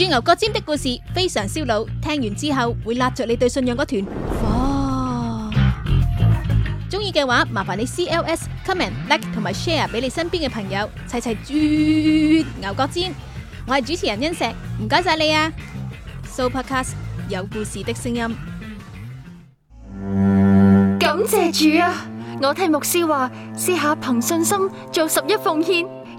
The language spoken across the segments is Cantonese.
鑽牛角尖的故事非常燒腦，聽完之後會拉著你對信仰嗰團火。中意嘅話，麻煩你 CLS、comment、like 同埋 share 俾你身邊嘅朋友，齊齊鑽牛角尖。我係主持人欣石，唔該晒你啊！Super Cast 有故事的聲音，感謝主啊！我聽牧師話，試下憑信心做十一奉獻。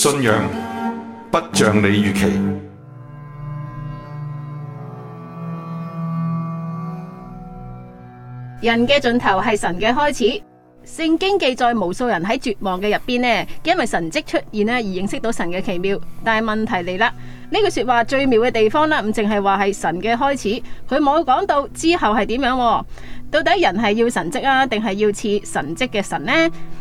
信仰不像你預期，人嘅盡頭係神嘅開始。聖經記載無數人喺絕望嘅入邊呢，因為神跡出現咧而認識到神嘅奇妙。但係問題嚟啦，呢句説話最妙嘅地方咧，唔淨係話係神嘅開始，佢冇講到之後係點樣喎。到底人係要神蹟啊，定係要似神蹟嘅神呢？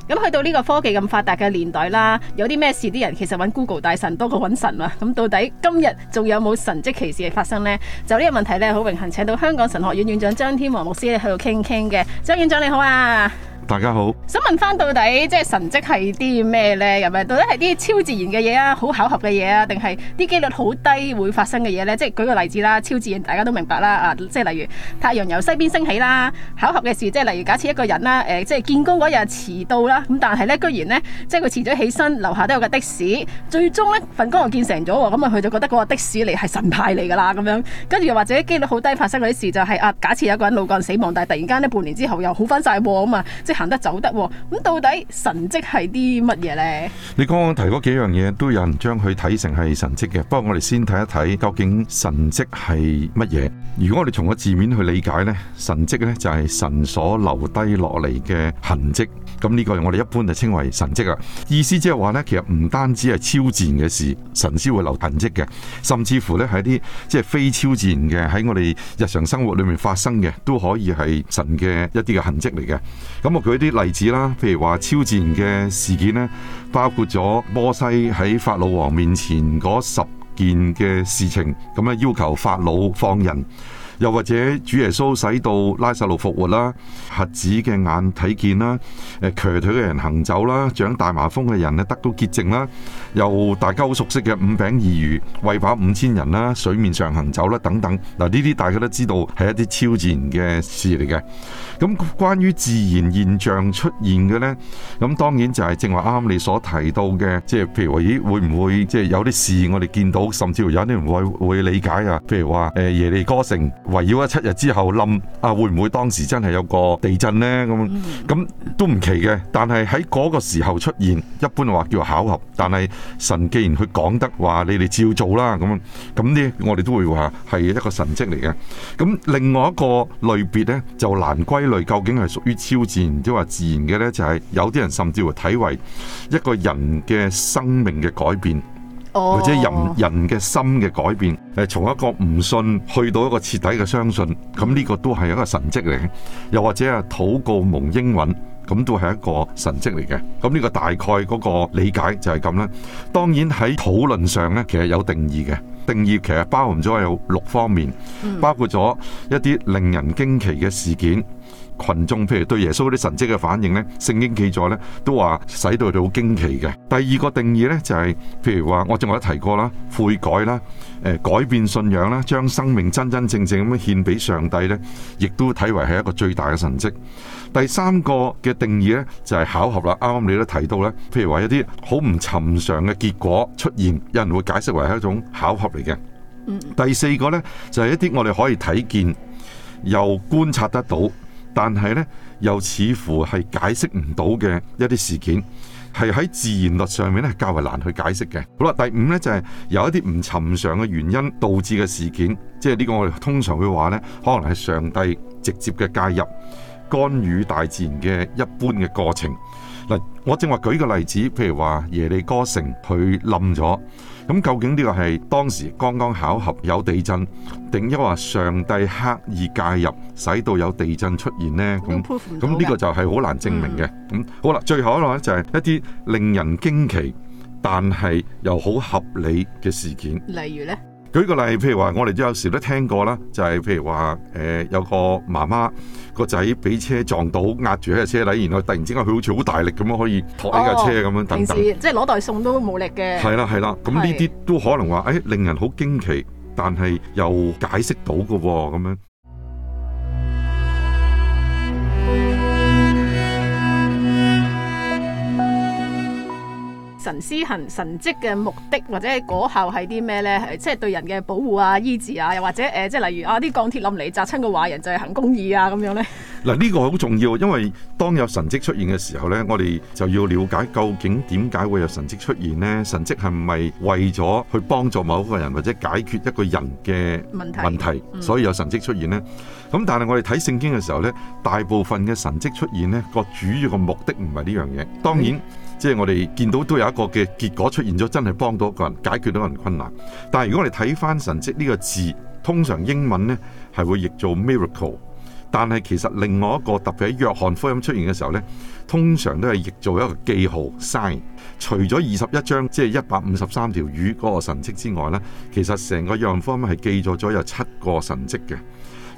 咁去到呢個科技咁發達嘅年代啦，有啲咩事啲人其實揾 Google 大神多過揾神啦，啊。咁到底今日仲有冇神蹟奇事發生呢？就呢個問題咧，好榮幸請到香港神學院院長張天王牧師去喺度傾傾嘅。張院長你好啊！大家好，想問翻到底即係神迹係啲咩呢？入咪到底係啲超自然嘅嘢啊，好巧合嘅嘢啊，定係啲幾率好低會發生嘅嘢呢？即係舉個例子啦，超自然大家都明白啦啊，即係例如太陽由西邊升起啦，巧合嘅事，即係例如假設一個人啦，誒、呃、即係見工嗰日遲到啦，咁但係呢，居然呢，即係佢遲咗起身，樓下都有個的士，最終呢份工又建成咗，咁啊佢就覺得嗰個的士嚟係神派嚟噶啦咁樣，跟住又或者幾率好低發生嗰啲事，就是，就係啊假設有個人腦幹死亡，但係突然間呢，半年之後又好翻晒喎，咁啊即行得走得喎，哦，咁到底神蹟係啲乜嘢咧？你剛剛提嗰幾樣嘢，都有人將佢睇成係神蹟嘅。不過我哋先睇一睇，究竟神蹟係乜嘢？如果我哋從個字面去理解呢，神蹟呢就係神所留低落嚟嘅痕跡。咁呢個我哋一般就稱為神蹟啊。意思即係話呢，其實唔單止係超自然嘅事，神先會留痕跡嘅，甚至乎呢係啲即係非超自然嘅，喺我哋日常生活裏面發生嘅，都可以係神嘅一啲嘅痕跡嚟嘅。咁舉啲例子啦，譬如話超自然嘅事件呢，包括咗摩西喺法老王面前嗰十件嘅事情，咁咧，要求法老放人。又或者主耶穌使到拉撒路復活啦，瞎子嘅眼睇見啦，誒、呃、瘸腿嘅人行走啦，長大麻風嘅人呢得到潔淨啦，又大家好熟悉嘅五餅二魚喂飽五千人啦，水面上行走啦等等，嗱呢啲大家都知道係一啲超自然嘅事嚟嘅。咁關於自然現象出現嘅呢，咁當然就係正話啱你所提到嘅，即係譬如話咦會唔會即係有啲事我哋見到，甚至乎有啲人會會理解啊？譬如話誒、呃、耶利哥城。圍繞咗七日之後冧啊，會唔會當時真係有個地震呢？咁咁都唔奇嘅，但係喺嗰個時候出現，一般話叫巧合。但係神既然佢講得話，你哋照做啦。咁咁呢，我哋都會話係一個神迹嚟嘅。咁另外一個類別呢，就難歸類，究竟係屬於超自然，即係話自然嘅呢？就係、是、有啲人甚至會體為一個人嘅生命嘅改變。或者人人嘅心嘅改變，誒，從一個唔信去到一個徹底嘅相信，咁呢個都係一個神蹟嚟嘅。又或者啊，禱告蒙應允，咁都係一個神蹟嚟嘅。咁呢個大概嗰個理解就係咁啦。當然喺討論上呢，其實有定義嘅。定義其實包含咗有六方面，包括咗一啲令人驚奇嘅事件，群眾譬如對耶穌嗰啲神跡嘅反應呢，聖經記載呢都話使到佢哋好驚奇嘅。第二個定義呢、就係，就係譬如話，我之前都提過啦，悔改啦，誒改變信仰啦，將生命真真正正咁樣獻俾上帝呢，亦都睇為係一個最大嘅神跡。第三個嘅定義呢，就係、是、巧合啦。啱啱你都提到呢，譬如話一啲好唔尋常嘅結果出現，有人會解釋為係一種巧合嚟嘅。嗯、第四個呢，就係、是、一啲我哋可以睇見又觀察得到，但係呢又似乎係解釋唔到嘅一啲事件，係喺自然律上面呢較為難去解釋嘅。好啦，第五呢，就係、是、有一啲唔尋常嘅原因導致嘅事件，即係呢個我哋通常會話呢，可能係上帝直接嘅介入。干預大自然嘅一般嘅過程嗱，我正話舉個例子，譬如話耶利哥城佢冧咗，咁究竟呢個係當時剛剛巧合有地震，定抑或上帝刻意介入，使到有地震出現呢？咁咁呢個就係好難證明嘅。咁、嗯、好啦，最後一呢，就係一啲令人驚奇，但係又好合理嘅事件，例如呢？舉個例，譬如話，我哋都有時都聽過啦，就係、是、譬如話，誒、呃、有個媽媽個仔俾車撞到，壓住喺個車底，然後突然之間佢好似好大力咁樣可以托起架車咁、哦、樣等等，時等即係攞袋餸都冇力嘅。係啦係啦，咁呢啲都可能話誒、哎、令人好驚奇，但係又解釋到嘅喎咁樣。神施行神跡嘅目的或者果效係啲咩咧？即係對人嘅保護啊、醫治啊，又或者誒，即係例如啊，啲鋼鐵冧嚟，砸親個壞人就係行公義啊，咁樣咧？嗱，呢個好重要，因為當有神跡出現嘅時候咧，我哋就要了解究竟點解會有神跡出現咧？神跡係咪為咗去幫助某一個人或者解決一個人嘅問題問題？所以有神跡出現咧？咁但係我哋睇聖經嘅時候咧，大部分嘅神跡出現咧，個主要嘅目的唔係呢樣嘢，當然。即係我哋見到都有一個嘅結果出現咗，真係幫到一個人解決到人困難。但係如果我哋睇返神跡呢個字，通常英文呢係會譯做 miracle，但係其實另外一個特別喺約翰福音出現嘅時候呢，通常都係譯做一個記號 sign 除。除咗二十一章即係一百五十三條魚嗰個神跡之外呢，其實成個約翰福音係記載咗有七個神跡嘅。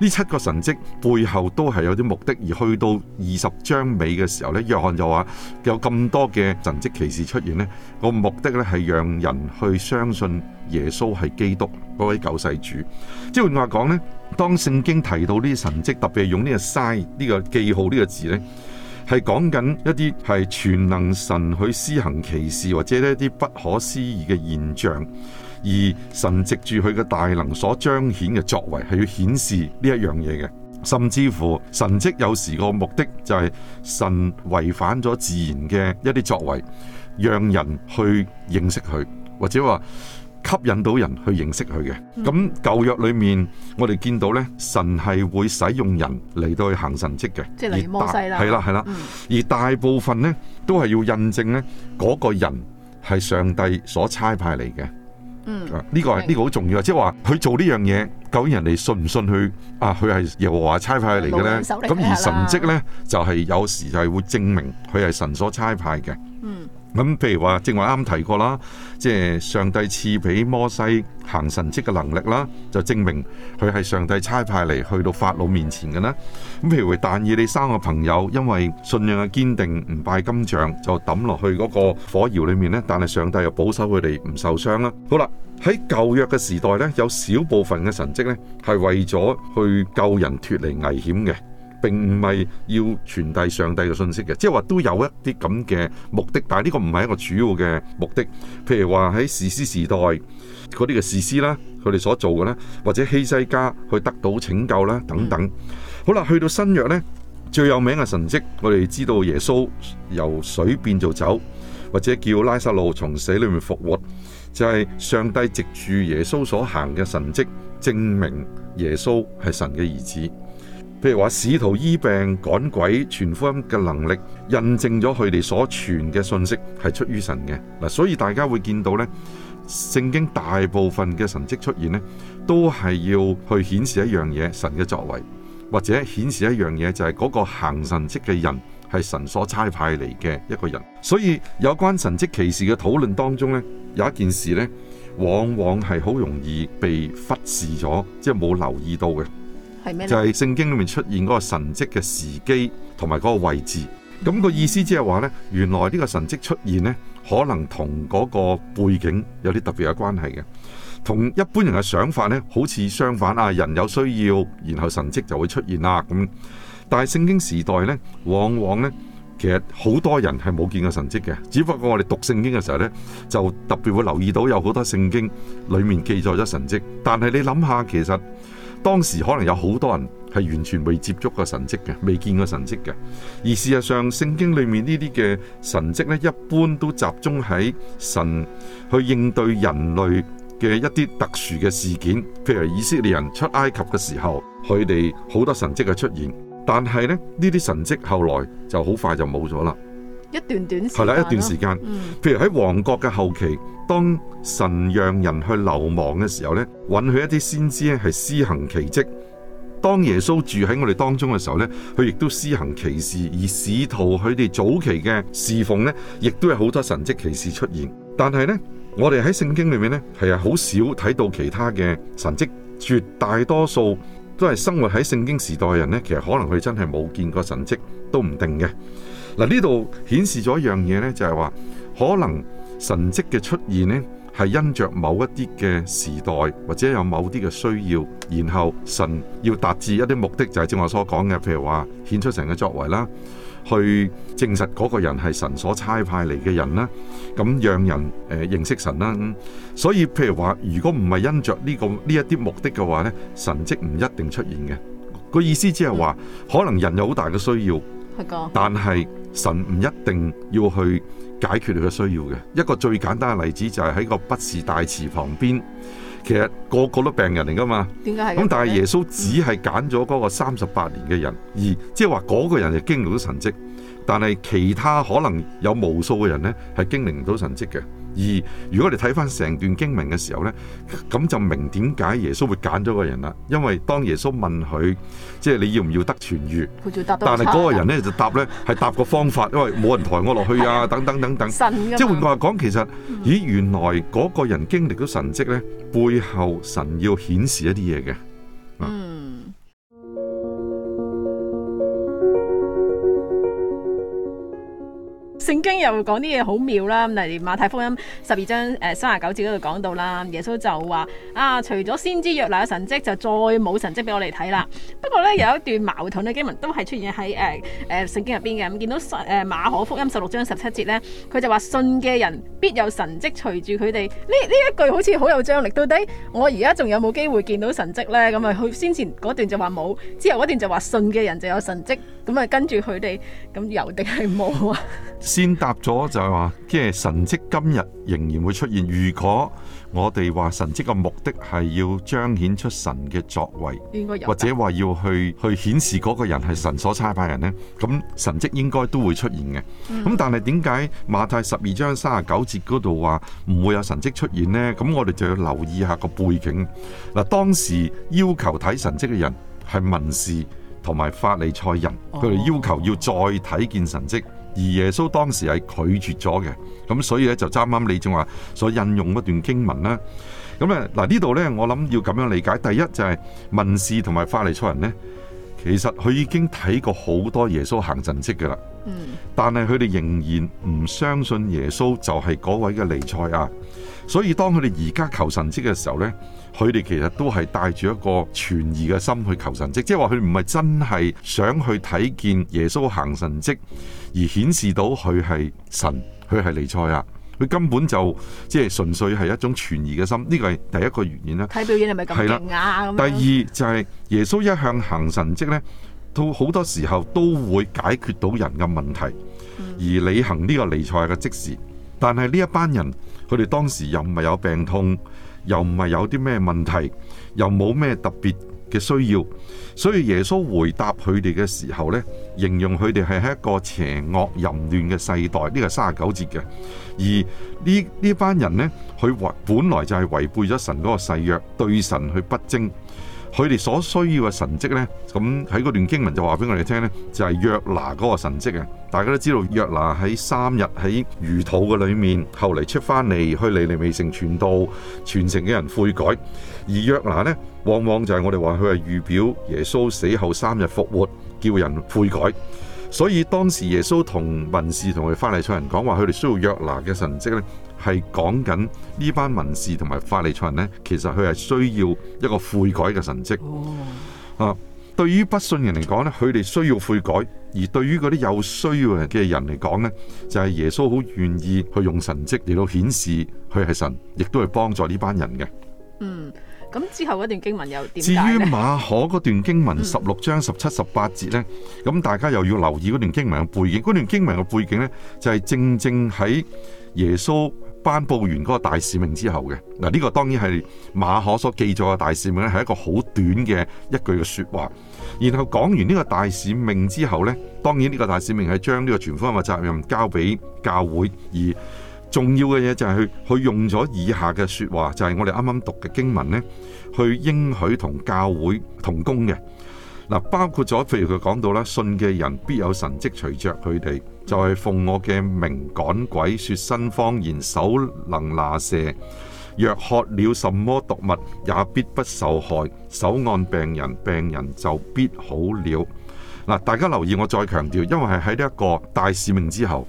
呢七個神跡背後都係有啲目的，而去到二十章尾嘅時候呢，約翰就話有咁多嘅神跡奇事出現呢，個目的呢，係讓人去相信耶穌係基督嗰位救世主。即係換句話講咧，當聖經提到呢啲神跡，特別係用呢個 sign，呢個記號呢個字呢，係講緊一啲係全能神去施行奇事，或者呢啲不可思議嘅現象。而神藉住佢嘅大能所彰顯嘅作為，係要顯示呢一樣嘢嘅。甚至乎神蹟有時個目的就係神違反咗自然嘅一啲作為，讓人去認識佢，或者話吸引到人去認識佢嘅。咁舊約裏面我哋見到呢神係會使用人嚟到去行神蹟嘅，即係嚟摩西啦，係啦而,、嗯、而大部分呢都係要印證呢嗰、那個人係上帝所差派嚟嘅。嗯，呢、這個呢、這個好重要，即係話佢做呢樣嘢，究竟人哋信唔信佢啊？佢係耶和華差派嚟嘅咧，咁而神蹟咧就係、是、有時就係會證明佢係神所差派嘅。嗯。咁譬如話，正話啱提過啦，即係上帝賜俾摩西行神蹟嘅能力啦，就證明佢係上帝差派嚟去到法老面前嘅啦。咁譬如話但以理三個朋友，因為信仰嘅堅定，唔拜金像，就抌落去嗰個火窯裡面咧，但係上帝又保守佢哋唔受傷啦。好啦，喺舊約嘅時代咧，有少部分嘅神蹟咧，係為咗去救人脫離危險嘅。並唔係要傳遞上帝嘅信息嘅，即係話都有一啲咁嘅目的，但係呢個唔係一個主要嘅目的。譬如話喺士師時代嗰啲嘅士師啦，佢哋所做嘅咧，或者希西家去得到拯救啦等等。嗯、好啦，去到新約呢，最有名嘅神蹟，我哋知道耶穌由水變做酒，或者叫拉撒路從死裏面復活，就係、是、上帝藉住耶穌所行嘅神蹟，證明耶穌係神嘅兒子。譬如話使徒醫病趕鬼傳福音嘅能力，印證咗佢哋所傳嘅信息係出於神嘅嗱，所以大家會見到咧，聖經大部分嘅神跡出現咧，都係要去顯示一樣嘢，神嘅作為，或者顯示一樣嘢就係嗰個行神跡嘅人係神所差派嚟嘅一個人。所以有關神跡奇事嘅討論當中咧，有一件事咧，往往係好容易被忽視咗，即係冇留意到嘅。就係聖經裏面出現嗰個神跡嘅時機同埋嗰個位置，咁個意思即係話呢，原來呢個神跡出現呢，可能同嗰個背景有啲特別嘅關係嘅，同一般人嘅想法呢，好似相反啊，人有需要，然後神跡就會出現啊咁。但係聖經時代呢，往往呢，其實好多人係冇見過神跡嘅，只不過我哋讀聖經嘅時候呢，就特別會留意到有好多聖經裏面記載咗神跡，但係你諗下，其實。當時可能有好多人係完全未接觸過神迹嘅，未見過神迹嘅。而事實上，聖經裏面呢啲嘅神迹呢，一般都集中喺神去應對人類嘅一啲特殊嘅事件，譬如以色列人出埃及嘅時候，佢哋好多神迹嘅出現。但係呢呢啲神迹後來就好快就冇咗啦。一段段時間，係啦，一段時間。嗯、譬如喺王國嘅後期，當神讓人去流亡嘅時候咧，允許一啲先知咧係施行奇蹟。當耶穌住喺我哋當中嘅時候咧，佢亦都施行奇事，而使徒佢哋早期嘅侍奉咧，亦都有好多神蹟奇事出現。但係咧，我哋喺聖經裏面咧，係啊好少睇到其他嘅神蹟，絕大多數都係生活喺聖經時代嘅人咧，其實可能佢真係冇見過神蹟都唔定嘅。嗱，呢度顯示咗一樣嘢呢，就係話可能神跡嘅出現呢，係因着某一啲嘅時代或者有某啲嘅需要，然後神要達至一啲目的，就係正如我所講嘅，譬如話顯出神嘅作為啦，去證實嗰個人係神所差派嚟嘅人啦，咁讓人誒認識神啦。所以譬如話，如果唔係因着呢個呢一啲目的嘅話呢，神跡唔一定出現嘅。個意思只係話，可能人有好大嘅需要。但係神唔一定要去解決你嘅需要嘅，一個最簡單嘅例子就係喺個畢士大池旁邊，其實個個都病人嚟㗎嘛。點解係咁？但係耶穌只係揀咗嗰個三十八年嘅人，而即係話嗰個人係經歷到神跡，但係其他可能有無數嘅人呢，係經歷唔到神跡嘅。而如果你睇翻成段經文嘅時候呢，咁就明點解耶穌會揀咗個人啦？因為當耶穌問佢，即係你要唔要得痊癒？他但係嗰個人呢，就答呢：「係答個方法，因為冇人抬我落去啊， 等等等等。即係換句話講，其實，咦，原來嗰個人經歷咗神蹟呢，背後神要顯示一啲嘢嘅。啊、嗯。聖經又講啲嘢好妙啦，例如馬太福音十二章誒三十九節嗰度講到啦，耶穌就話啊，除咗先知約拿嘅神蹟，就再冇神蹟俾我哋睇啦。不過咧，有一段矛盾嘅經文都係出現喺誒誒聖經入邊嘅。咁見到誒馬可福音十六章十七節咧，佢就話信嘅人必有神蹟隨住佢哋。呢呢一句好似好有張力，到底我而家仲有冇機會見到神蹟咧？咁啊，佢先前嗰段就話冇，之後嗰段就話信嘅人就有神蹟。咁啊，跟住佢哋咁又定係冇啊？ 先答咗就係話，即係神跡今日仍然會出現。如果我哋話神跡嘅目的係要彰顯出神嘅作為，或者話要去去顯示嗰個人係神所差派人呢，咁神跡應該都會出現嘅。咁但係點解馬太十二章三十九節嗰度話唔會有神跡出現呢？咁我哋就要留意下個背景。嗱，當時要求睇神跡嘅人係文士同埋法利賽人，佢哋要求要再睇見神跡。而耶穌當時係拒絕咗嘅，咁所以咧就啱啱你仲話所，所引用一段經文啦。咁咧嗱呢度呢，我諗要咁樣理解，第一就係文士同埋法利賽人呢，其實佢已經睇過好多耶穌行神跡嘅啦。嗯，但係佢哋仍然唔相信耶穌就係嗰位嘅尼賽亞。所以當佢哋而家求神跡嘅時候呢。佢哋其實都係帶住一個存疑嘅心去求神跡，即係話佢唔係真係想去睇見耶穌行神跡而顯示到佢係神，佢係彌賽亞。佢根本就即係純粹係一種存疑嘅心，呢個係第一個原因啦。睇表演係咪咁勁啊？第二就係耶穌一向行神跡呢，到好多時候都會解決到人嘅問題，而履行呢個彌賽亞嘅職事，但係呢一班人佢哋當時又唔係有病痛。又唔係有啲咩問題，又冇咩特別嘅需要，所以耶穌回答佢哋嘅時候，呢形容佢哋係一個邪惡淫亂嘅世代，呢個係三十九節嘅。而呢呢班人呢，佢本來就係違背咗神嗰個誓約，對神去不精。佢哋所需要嘅神蹟呢，咁喺嗰段經文就話俾我哋聽呢，就係約拿嗰個神蹟啊。大家都知道約拿喺三日喺魚肚嘅裏面，後嚟出翻嚟，去尼尼微城傳道，全城嘅人悔改。而約拿呢，往往就係我哋話佢係預表耶穌死後三日復活，叫人悔改。所以當時耶穌同文士同佢翻嚟，出人講話，佢哋需要約拿嘅神蹟呢。係講緊呢班文士同埋法利賽人呢，其實佢係需要一個悔改嘅神跡。哦，啊，對於不信人嚟講呢，佢哋需要悔改；而對於嗰啲有需要嘅人嚟講呢，就係、是、耶穌好願意去用神跡嚟到顯示佢係神，亦都係幫助呢班人嘅。嗯，咁之後段經文又點？至於馬可嗰段經文十六章十七十八節呢，咁、嗯、大家又要留意嗰段經文嘅背景。嗰段經文嘅背景呢，就係、是、正正喺耶穌。頒布完嗰個大使命之後嘅嗱，呢個當然係馬可所記載嘅大使命，係一個好短嘅一句嘅說話。然後講完呢個大使命之後咧，當然呢個大使命係將呢個全方嘅責任交俾教會，而重要嘅嘢就係去去用咗以下嘅說話，就係我哋啱啱讀嘅經文咧，去應許同教會同工嘅嗱，包括咗譬如佢講到啦，信嘅人必有神蹟隨着佢哋。在奉我嘅名趕鬼，説新方言，手能拿蛇，若喝了什麼毒物，也必不受害。手按病人，病人就必好了。嗱，大家留意，我再強調，因為係喺呢一個大使命之後，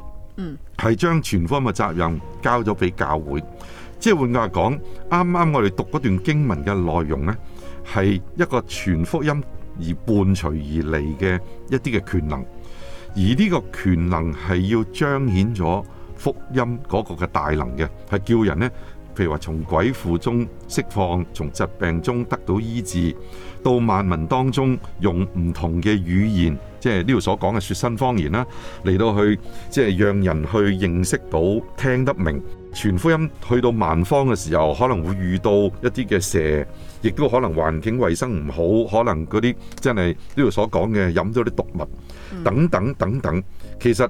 係將全福音嘅責任交咗俾教會。即係換句話講，啱啱我哋讀嗰段經文嘅內容咧，係一個全福音而伴隨而嚟嘅一啲嘅權能。而呢個權能係要彰顯咗福音嗰個嘅大能嘅，係叫人呢，譬如話從鬼附中釋放，從疾病中得到醫治，到萬民當中用唔同嘅語言，即係呢度所講嘅說新方言啦，嚟到去即係、就是、讓人去認識到，聽得明。傳福音去到萬方嘅時候，可能會遇到一啲嘅蛇，亦都可能環境衞生唔好，可能嗰啲真係呢度所講嘅飲咗啲毒物等等等等。其實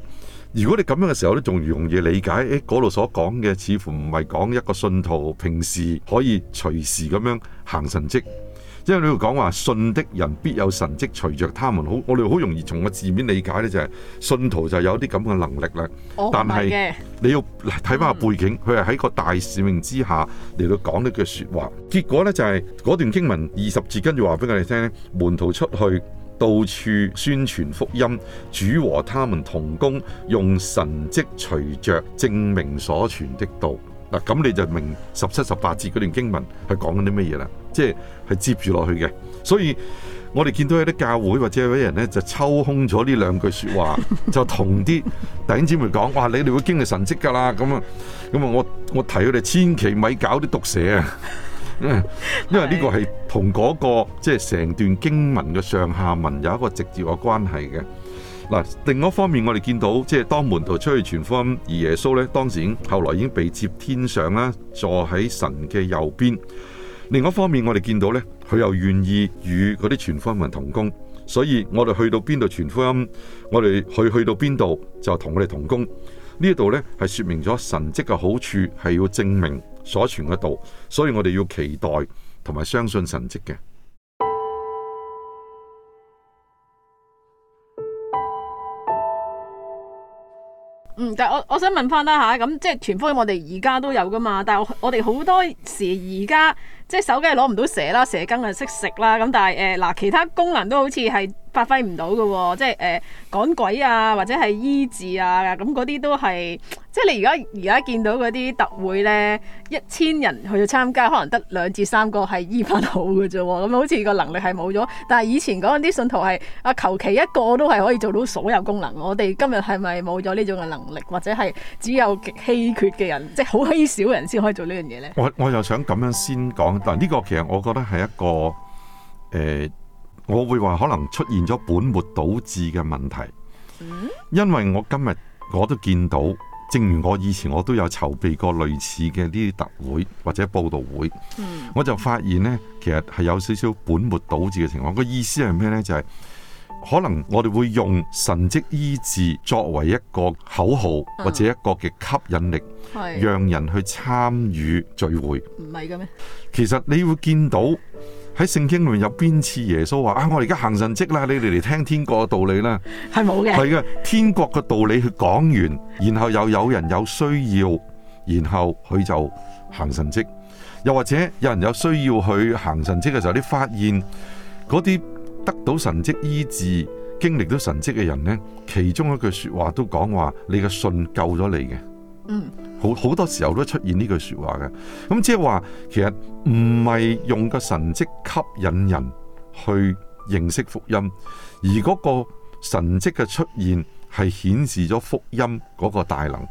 如果你咁樣嘅時候，呢仲容易理解，誒嗰度所講嘅似乎唔係講一個信徒平時可以隨時咁樣行神蹟。即係你會講話信的人必有神蹟隨着他們，好我哋好容易從個字面理解咧就係信徒就有啲咁嘅能力啦。哦、但係你要睇翻個背景，佢係喺個大使命之下嚟到講呢句說話。結果咧就係嗰段經文二十字跟住話俾我哋聽：門徒出去到處宣傳福音，主和他們同工，用神蹟隨着證明所傳的道。嗱，咁你就明十七十八節嗰段經文係講緊啲咩嘢啦？即係係接住落去嘅，所以我哋見到有啲教會或者有啲人咧就抽空咗呢兩句説話，就同啲弟兄姊妹講：哇！你哋會經歷神蹟㗎啦！咁啊咁啊！我我提佢哋千祈咪搞啲毒蛇啊！ 因為因為呢個係同嗰個即係成段經文嘅上下文有一個直接嘅關係嘅。另外一方面我，我哋見到即係當門徒出去傳福音，而耶穌呢當時後來後來已經被接天上啦，坐喺神嘅右邊。另外一方面我，我哋見到呢佢又願意與嗰啲傳福音人同工，所以我哋去到邊度傳福音，我哋去去到邊度就同我哋同工。呢度呢，係說明咗神蹟嘅好處係要證明所傳嘅道，所以我哋要期待同埋相信神蹟嘅。嗯，但係我我想問翻啦吓，咁即係全方位我哋而家都有噶嘛，但係我哋好多時而家即係手機係攞唔到蛇啦，蛇羹係識食啦，咁但係誒嗱，其他功能都好似係。發揮唔到嘅喎，即係誒、欸、趕鬼啊，或者係醫治啊，咁嗰啲都係，即係你而家而家見到嗰啲特會呢，一千人去參加，可能得兩至三個係醫翻好嘅啫，咁好似個能力係冇咗。但係以前講啲信徒係啊，求其一個都係可以做到所有功能。我哋今日係咪冇咗呢種嘅能力，或者係只有極稀缺嘅人，即係好稀少人先可以做呢樣嘢呢？我我就想咁樣先講，但呢個其實我覺得係一個誒。欸我會話可能出現咗本末倒置嘅問題，因為我今日我都見到，正如我以前我都有籌備過類似嘅呢啲特會或者報道會，我就發現呢，其實係有少少本末倒置嘅情況。個意思係咩呢？就係可能我哋會用神蹟醫治作為一個口號或者一個嘅吸引力，係讓人去參與聚會。唔係嘅咩？其實你會見到。喺聖經裏面有邊次耶穌話啊，我而家行神蹟啦，你哋嚟聽天國嘅道理啦，係冇嘅，係嘅，天國嘅道理佢講完，然後又有人有需要，然後佢就行神蹟，又或者有人有需要去行神蹟嘅時候，你發現嗰啲得到神蹟醫治、經歷到神蹟嘅人呢，其中一句說話都講話，你嘅信救咗你嘅。嗯，好好多時候都出現呢句說話嘅，咁即係話其實唔係用個神蹟吸引人去認識福音，而嗰個神蹟嘅出現係顯示咗福音嗰個大能。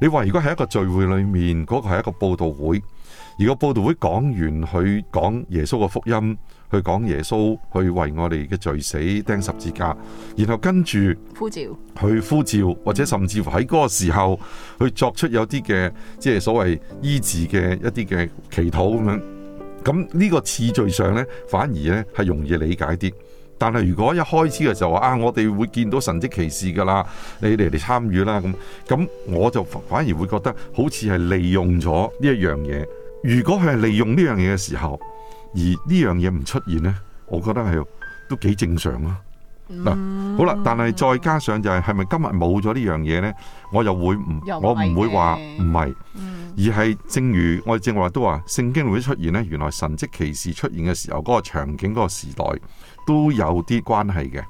你話如果喺一個聚會裏面，嗰個係一個報道會，而個報道會講完，佢講耶穌嘅福音。去講耶穌，去為我哋嘅罪死釘十字架，然後跟住呼召，去呼召，或者甚至乎喺嗰個時候去作出有啲嘅，即係所謂醫治嘅一啲嘅祈禱咁樣。咁呢個次序上呢，反而呢係容易理解啲。但係如果一開始嘅時候話啊，我哋會見到神蹟奇事噶啦，你哋嚟參與啦咁，咁我就反而會覺得好似係利用咗呢一樣嘢。如果係利用呢樣嘢嘅時候，而呢樣嘢唔出現呢，我覺得係都幾正常咯，啊。嗱、嗯，好啦，但係再加上就係，係咪今日冇咗呢樣嘢呢？我又會唔我唔會話唔係，而係正如我哋正話都話，聖經會出現呢，原來神蹟奇事出現嘅時候，嗰、那個場景、嗰、那個時代都有啲關係嘅。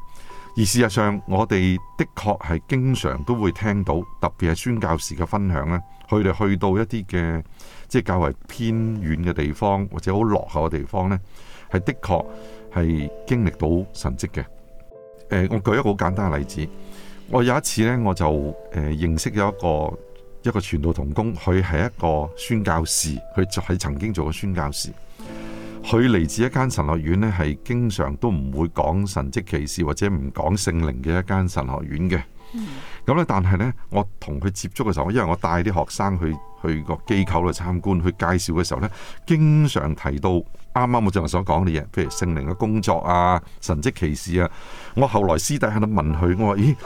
而事實上，我哋的確係經常都會聽到，特別係宣教士嘅分享呢。佢哋去到一啲嘅即係較為偏遠嘅地方，或者好落後嘅地方咧，係的確，係經歷到神蹟嘅。誒、呃，我舉一個好簡單嘅例子。我有一次咧，我就誒、呃、認識咗一個一個傳道同工，佢係一個宣教士，佢就係曾經做過宣教士，佢嚟自一間神學院咧，係經常都唔會講神蹟奇事或者唔講聖靈嘅一間神學院嘅。咁咧，嗯、但係咧，我同佢接觸嘅時候，因為我帶啲學生去去個機構度參觀，去介紹嘅時候咧，經常提到啱啱我剛才所講嘅嘢，譬如聖靈嘅工作啊、神蹟奇事啊，我後來私底下都問佢，我話：咦，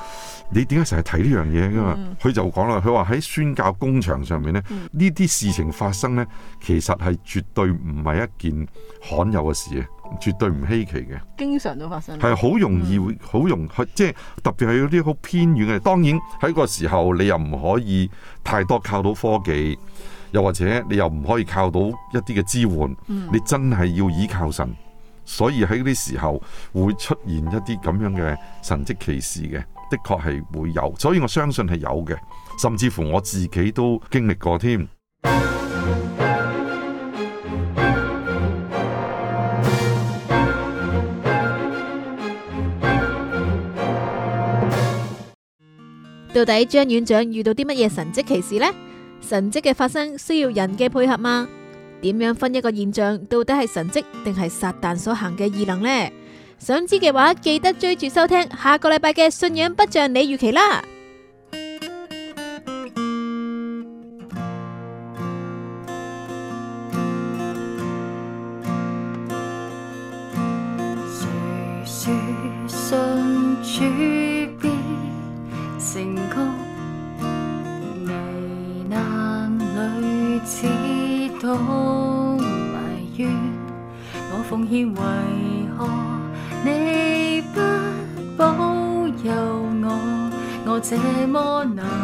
你點解成日提呢樣嘢嘅？佢、嗯、就講啦，佢話喺宣教工場上面咧，呢啲事情發生咧，其實係絕對唔係一件罕有嘅事啊。絕對唔稀奇嘅，經常都發生，係好容易會好、嗯、容易，即係特別係有啲好偏遠嘅。當然喺個時候，你又唔可以太多靠到科技，又或者你又唔可以靠到一啲嘅支援，嗯、你真係要倚靠神。所以喺啲時候會出現一啲咁樣嘅神蹟奇事嘅，的確係會有。所以我相信係有嘅，甚至乎我自己都經歷過添。嗯到底張院長遇到啲乜嘢神蹟奇事呢？神蹟嘅發生需要人嘅配合嗎？點樣分一個現象到底係神蹟定係撒旦所行嘅異能呢？想知嘅話，記得追住收聽下個禮拜嘅《信仰不像你預期》啦。埋怨我奉獻，為何你不保佑我？我這麼難。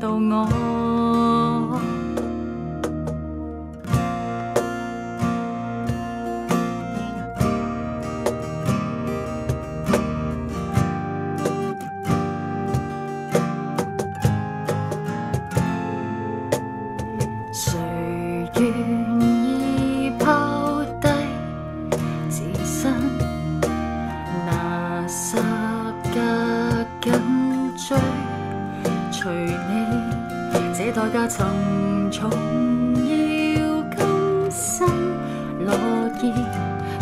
到我。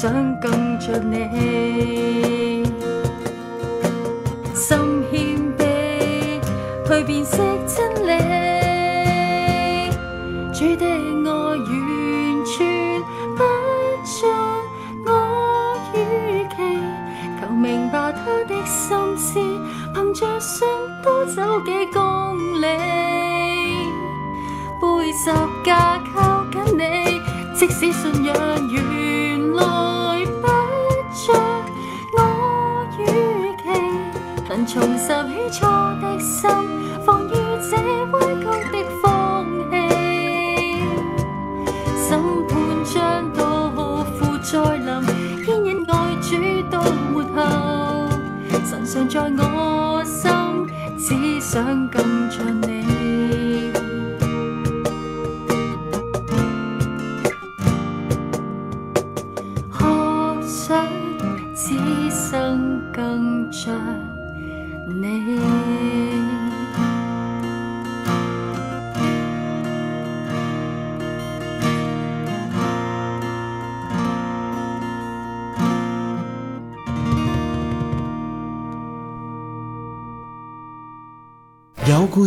想跟着你。起初的心，防禦的放於這彎曲的風氣。審判將到負再臨，牽引愛主到末後，神常在我心，只想更像你。